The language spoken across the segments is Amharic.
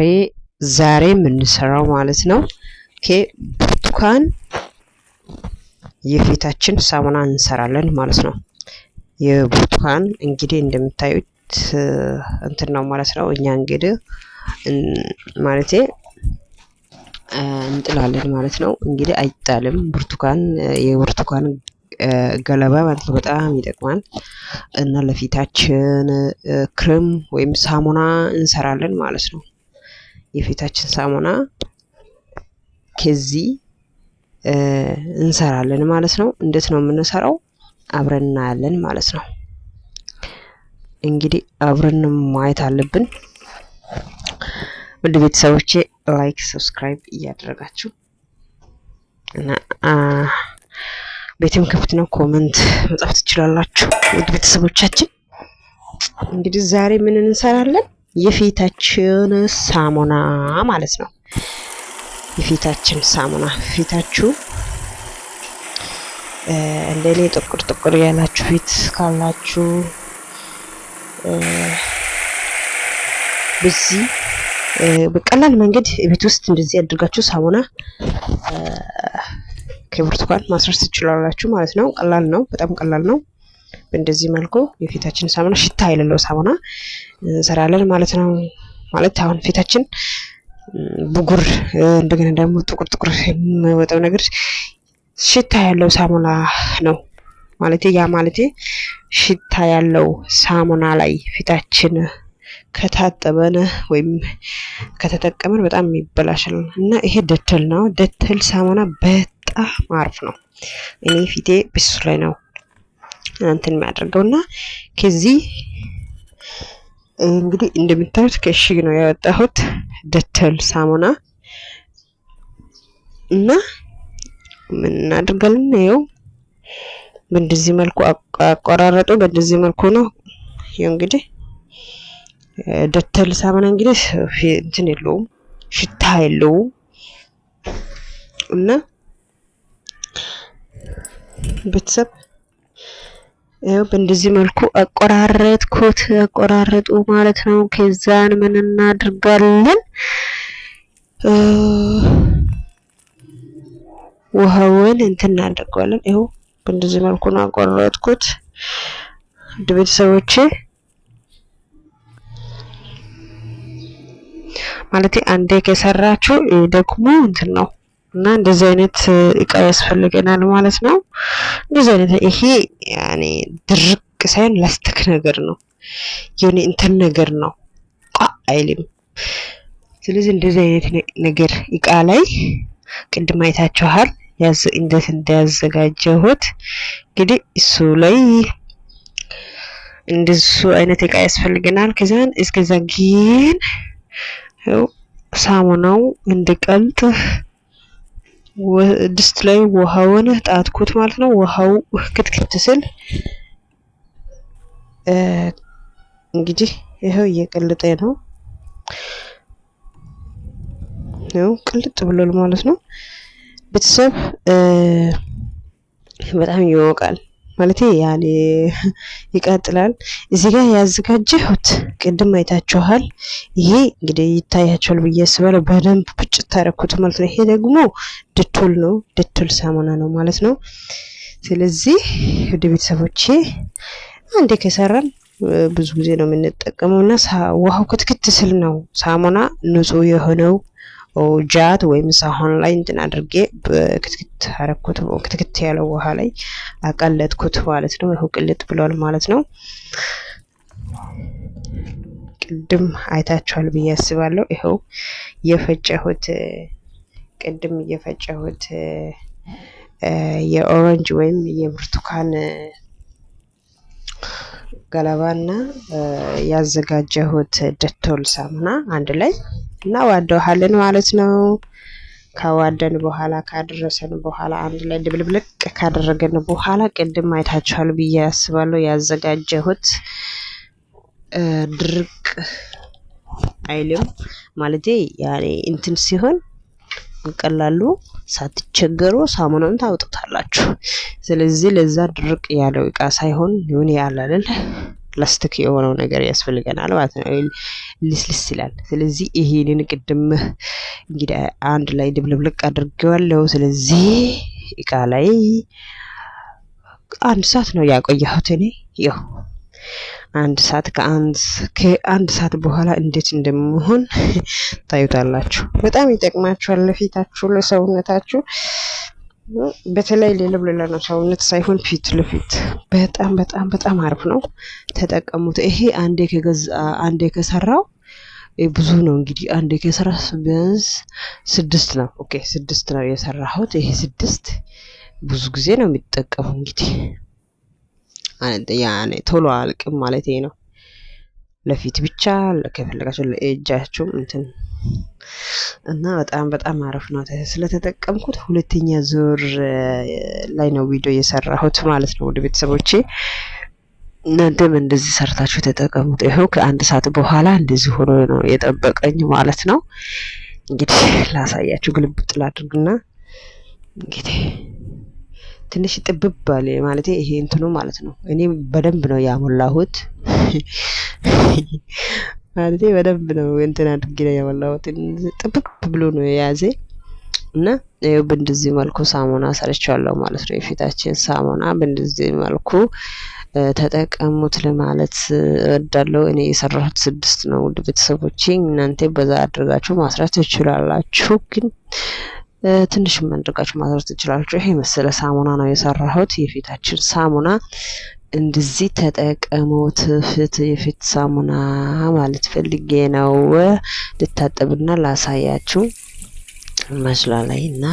ዛሬ ዛሬ የምንሰራው ማለት ነው። ኦኬ ብርቱካን የፊታችን ሳሙና እንሰራለን ማለት ነው። የብርቱካን እንግዲህ እንደምታዩት እንትን ነው ማለት ነው። እኛ እንግዲህ ማለቴ እንጥላለን ማለት ነው። እንግዲህ አይጣልም። ብርቱካን የብርቱካን ገለባ ማለት ነው በጣም ይጠቅማል እና ለፊታችን ክሬም ወይም ሳሙና እንሰራለን ማለት ነው። የፊታችን ሳሙና ከዚህ እንሰራለን ማለት ነው። እንዴት ነው የምንሰራው? አብረን እናያለን ማለት ነው። እንግዲህ አብረን ማየት አለብን። ውድ ቤተሰቦቼ ላይክ፣ ሰብስክራይብ እያደረጋችሁ እና ቤትም ክፍት ነው፣ ኮመንት መጻፍ ትችላላችሁ። ውድ ቤተሰቦቻችን እንግዲህ ዛሬ ምን እንሰራለን? የፊታችን ሳሙና ማለት ነው። የፊታችን ሳሙና ፊታችሁ እንደኔ ጥቁር ጥቁር ያላችሁ ፊት ካላችሁ በዚህ በቀላል መንገድ ቤት ውስጥ እንደዚህ አድርጋችሁ ሳሙና ከብርቱካን ማስረስ ትችላላችሁ ማለት ነው። ቀላል ነው፣ በጣም ቀላል ነው። በእንደዚህ መልኩ የፊታችን ሳሙና ሽታ የሌለው ሳሙና እንሰራለን ማለት ነው። ማለት አሁን ፊታችን ብጉር እንደገና ደግሞ ጥቁር ጥቁር የሚወጣው ነገር ሽታ ያለው ሳሙና ነው ማለት ያ ማለት ሽታ ያለው ሳሙና ላይ ፊታችን ከታጠበን ወይም ከተጠቀመን በጣም ይበላሻል እና ይሄ ደተል ነው። ደተል ሳሙና በጣም አሪፍ ነው። እኔ ፊቴ ብሱ ላይ ነው እንትን የሚያደርገው እና ከዚህ እንግዲህ እንደምታዩት ከእሽግ ነው ያወጣሁት ደተል ሳሙና እና ምን እናድርጋለን? ይኸው በእንደዚህ መልኩ አቆራረጡ በእንደዚህ መልኩ ነው። ይኸው እንግዲህ ደተል ሳሙና እንግዲህ እንትን የለውም ሽታ የለውም እና ቤተሰብ ይኸው በእንደዚህ መልኩ አቆራረጥኩት። አቆራረጡ ማለት ነው። ከዛን ምን እናድርጋለን? ውሃውን እንትን እናደርገዋለን። ይኸው በእንደዚህ መልኩ ነው አቆራረጥኩት። ውድ ቤተሰቦቼ ማለት አንዴ ከሰራችሁ ደግሞ እንትን ነው እና እንደዚህ አይነት እቃ ያስፈልገናል ማለት ነው። እንደዚህ አይነት ይሄ ያኔ ድርቅ ሳይሆን ላስቲክ ነገር ነው፣ የሆነ እንትን ነገር ነው፣ ቋ አይልም። ስለዚህ እንደዚህ አይነት ነገር እቃ ላይ ቅድም አይታችኋል እንዴት እንዳያዘጋጀሁት። እንግዲህ እሱ ላይ እንደሱ አይነት እቃ ያስፈልገናል። ከዚያን እስከዛ ግን ሳሙናው እንድቀልጥ ድስት ላይ ውሃውን ጣትኩት ማለት ነው። ውሃው ክትክት ስል እንግዲህ ይኸው እየቀለጠ ነው ነው ቅልጥ ብሏል ማለት ነው። ቤተሰብ በጣም ይወቃል። ማለት ያኔ ይቀጥላል። እዚህ ጋር ያዘጋጀሁት ቅድም አይታችኋል። ይሄ እንግዲህ ይታያችኋል ብዬ አስባለሁ። በደንብ ብጭት አደረኩት ማለት ነው። ይሄ ደግሞ ድቱል ነው፣ ድቱል ሳሙና ነው ማለት ነው። ስለዚህ ወደ ቤተሰቦቼ አንዴ ከሰራን ብዙ ጊዜ ነው የምንጠቀመው እና ውሃው ክትክት ስል ነው ሳሙና ንጹህ የሆነው ጃት ወይም ሳሆን ላይ እንትን አድርጌ ክትክት አረኩት። ክትክት ያለው ውሃ ላይ አቀለጥኩት ማለት ነው። ይኸው ቅልጥ ብሏል ማለት ነው። ቅድም አይታችኋል ብዬ አስባለሁ። ይኸው የፈጨሁት ቅድም እየፈጨሁት የኦረንጅ ወይም የብርቱካን ገለባና ያዘጋጀሁት ደቶል ሳሙና አንድ ላይ እናዋደውሃለን ማለት ነው። ካዋደን በኋላ ካደረሰን በኋላ አንድ ላይ ድብልብልቅ ካደረገን በኋላ ቅድም አይታችኋል ብዬ ያስባለሁ ያዘጋጀሁት ድርቅ አይልም ማለት ያኔ እንትን ሲሆን በቀላሉ ሳትቸገሩ ሳሙናን ታውጡታላችሁ። ስለዚህ ለዛ ድርቅ ያለው እቃ ሳይሆን ይሁን ያላልል ላስቲክ የሆነው ነገር ያስፈልገናል ማለት ነው። ልስልስ ይላል። ስለዚህ ይሄንን ቅድም እንግዲህ አንድ ላይ ድብልብልቅ አድርጌዋለሁ። ስለዚህ እቃ ላይ አንድ ሰዓት ነው ያቆየሁት እኔ ያው አንድ ሰዓት ከአንድ ሰዓት በኋላ እንዴት እንደምሆን ታዩታላችሁ። በጣም ይጠቅማችኋል ለፊታችሁ፣ ለሰውነታችሁ በተለይ ሌለም ሌላ ነው ሰውነት ሳይሆን ፊት ለፊት በጣም በጣም በጣም አሪፍ ነው። ተጠቀሙት። ይሄ አንዴ ከገዛ አንዴ ከሰራው ብዙ ነው እንግዲህ አንዴ ከሰራ ቢያንስ ስድስት ነው። ኦኬ ስድስት ነው የሰራሁት። ይሄ ስድስት ብዙ ጊዜ ነው የሚጠቀሙ እንግዲህ ቶሎ አልቅም ማለት ነው። ለፊት ብቻ ከፈለጋችሁ ለእጃቸው እንትን እና በጣም በጣም አረፍ ነው ስለተጠቀምኩት ሁለተኛ ዙር ላይ ነው ቪዲዮ የሰራሁት ማለት ነው። ወደ ቤተሰቦቼ እናንተም እንደዚህ ሰርታችሁ ተጠቀሙት። ይኸው ከአንድ ሰዓት በኋላ እንደዚህ ሆኖ ነው የጠበቀኝ ማለት ነው። እንግዲህ ላሳያችሁ ግልብጥ ላድርግና እንግዲህ ትንሽ ጥብብ ማለት ይሄ እንትኑ ማለት ነው። እኔ በደንብ ነው ያሞላሁት ማለት በደንብ ነው እንትን አድርጌ ነው ያሞላሁት። ጥብብ ብሎ ነው የያዘ እና ይኸው በእንደዚህ መልኩ ሳሙና ሰርቻለሁ ማለት ነው። የፊታችን ሳሙና በእንደዚህ መልኩ ተጠቀሙት ለማለት እወዳለሁ። እኔ የሰራሁት ስድስት ነው ውድ ቤተሰቦቼ፣ እናንተ በዛ አድርጋችሁ ማስራት ትችላላችሁ ግን ትንሽ መንድርጋችሁ ማድረግ ትችላላችሁ። ይሄ መሰለ ሳሙና ነው የሰራሁት። የፊታችን ሳሙና እንደዚህ ተጠቀሙት። ፍት የፊት ሳሙና ማለት ፈልጌ ነው። ልታጠብና ላሳያችሁ መስላ ላይ እና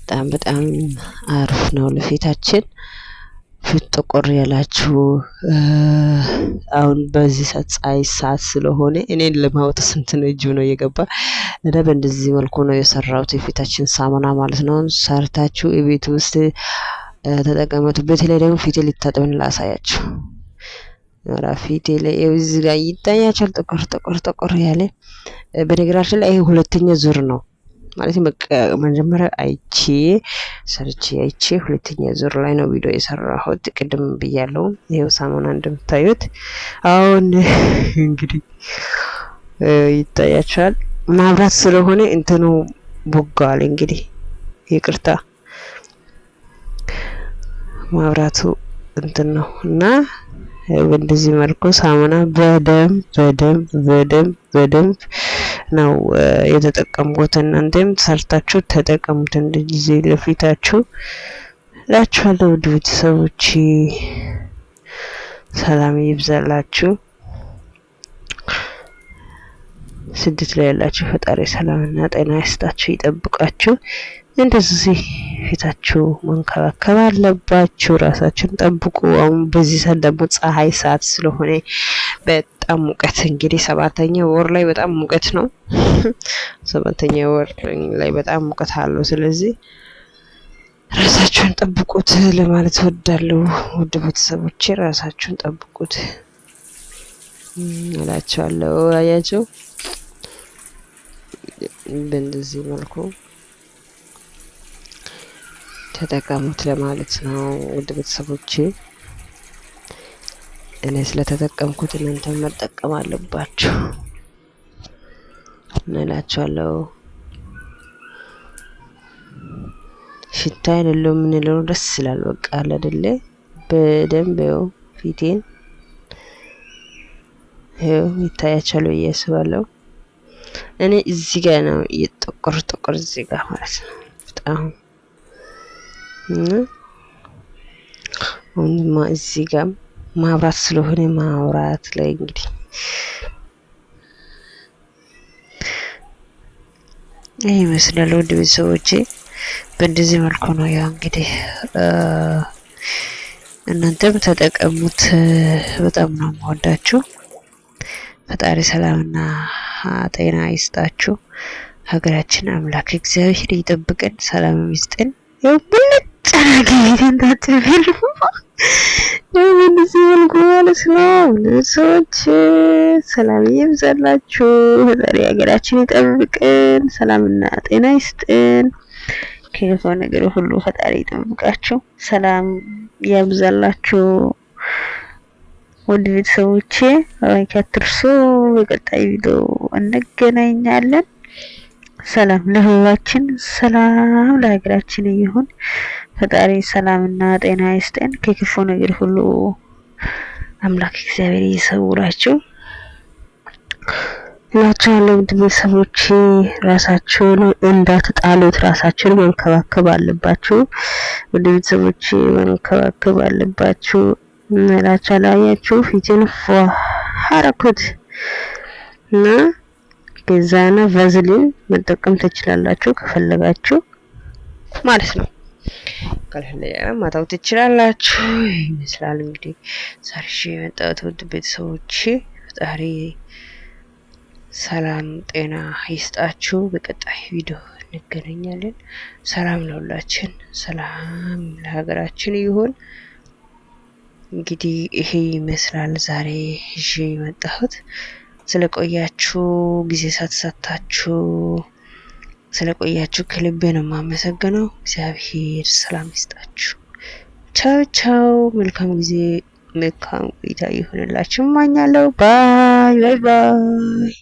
በጣም በጣም አሪፍ ነው ለፊታችን ፊት ጥቁር ያላችሁ አሁን በዚህ ሰዓት ፀሐይ ሰዓት ስለሆነ እኔን ለማወጥ ስንት ነው እጁ ነው እየገባ እና በእንደዚህ መልኩ ነው የሰራሁት የፊታችን ሳሙና ማለት ነው። ሰርታችሁ የቤት ውስጥ ተጠቀመቱ። በተለይ ደግሞ ፊቴ ሊታጠብን ላሳያችሁ። ራ ፊቴ ላይ እዚህ ጋር ይታያችኋል፣ ጥቁር ጥቁር ጠቆር ያለ በነገራችን ላይ ይሄ ሁለተኛ ዙር ነው ማለት መጀመሪያ አይቼ ሰርቼ አይቼ ሁለተኛ ዙር ላይ ነው ቪዲዮ የሰራሁት። ቅድም ብያለው። ይሄው ሳሙና እንደምታዩት አሁን እንግዲህ ይታያችኋል። ማብራት ስለሆነ እንትኑ ቦጋዋል። እንግዲህ ይቅርታ ማብራቱ እንትን ነው እና በእንደዚህ መልኩ ሳሙና በደንብ በደንብ በደንብ በደንብ ነው የተጠቀምኩት። እናንተም ሰርታችሁ ተጠቀሙት። እንደጊዜ ለፊታችሁ ላችኋለሁ። ውድ ቤተሰቦች ሰላም ይብዛላችሁ። ስደት ላይ ያላችሁ ፈጣሪ ሰላምና ጤና ይስጣችሁ፣ ይጠብቃችሁ። እንደዚህ ፊታችሁ መንከባከብ አለባችሁ። ራሳችሁን ጠብቁ። አሁን በዚህ ሰዓት ደግሞ ፀሐይ ሰዓት ስለሆነ በጣም ሙቀት እንግዲህ ሰባተኛ ወር ላይ በጣም ሙቀት ነው። ሰባተኛ ወር ላይ በጣም ሙቀት አለው። ስለዚህ ራሳችሁን ጠብቁት ለማለት ወዳለሁ። ውድ ቤተሰቦቼ ራሳችሁን ጠብቁት እላቸዋለሁ። አያቸው በእንደዚህ መልኩ ተጠቀሙት ለማለት ነው ውድ ቤተሰቦቼ። እኔ ስለተጠቀምኩት እናንተ መጠቀም አለባችሁ እንላችኋለሁ። ሽታ አይደለው የምንለው ደስ ይላል። በቃ አለ አይደለ? በደንብ ው ፊቴን ይኸው ይታያችኋል ብዬ እኔ እዚህ ጋር ነው እየጠቆር ጠቆር እዚህ ጋር ማለት ነው በጣም እና አሁንማ እዚህ ጋርም ማብራት ስለሆነ ማውራት ላይ እንግዲህ ይህ ይመስላል። ውድ ቤተሰቦቼ በእንደዚህ መልኩ ነው ያው እንግዲህ እናንተም ተጠቀሙት። በጣም ነው የምወዳችሁ። ፈጣሪ ሰላምና ጤና ይስጣችሁ። ሀገራችን አምላክ እግዚአብሔር ይጠብቀን፣ ሰላም ይስጠን። ማለት ነው። ሰዎች ሰላም ይብዛላችሁ። ዛሬ ሀገራችን ይጠብቅን፣ ሰላምና ጤና ይስጥን። ከክፉ ነገር ሁሉ ፈጣሪ ይጠብቃችሁ፣ ሰላም ያብዛላችሁ። ውድ ቤተሰቦቼ ላይክ በቀጣይ ቪዲዮ እንገናኛለን። ሰላም ለህዝባችን፣ ሰላም ለሀገራችን ይሁን። ፈጣሪ ሰላምና ጤና ይስጠን። ከክፉ ነገር ሁሉ አምላክ እግዚአብሔር ይሰውራችሁ እላችኋለሁ። ውድ ቤተሰቦች ራሳችሁን እንዳትጣሉት ራሳችሁን መንከባከብ አለባችሁ። ውድ ቤተሰቦች መንከባከብ አለባችሁ እላችኋለሁ። አያችሁ ፊትን ፏ አረኩት እና እና ቫዝሊን መጠቀም ትችላላችሁ ከፈለጋችሁ ማለት ነው። ካልፈለጋችሁ ማታው ትችላላችሁ። ይመስላል እንግዲህ ዛሬ የመጣሁት ውድ ቤተሰቦቼ ፈጣሪ ሰላም ጤና ይስጣችሁ። በቀጣይ ቪዲዮ እንገናኛለን። ሰላም ለሁላችን፣ ሰላም ለሀገራችን ይሁን። እንግዲህ ይሄ ይመስላል ዛሬ ይዤ የመጣሁት ስለቆያችሁ ጊዜ ሳትሰታችሁ ስለቆያችሁ ከልቤ ነው የማመሰግነው። እግዚአብሔር ሰላም ይስጣችሁ። ቻው ቻው። መልካም ጊዜ መልካም ቆይታ ይሁንላችሁ። እመኛለሁ። ባይ ባይ ባይ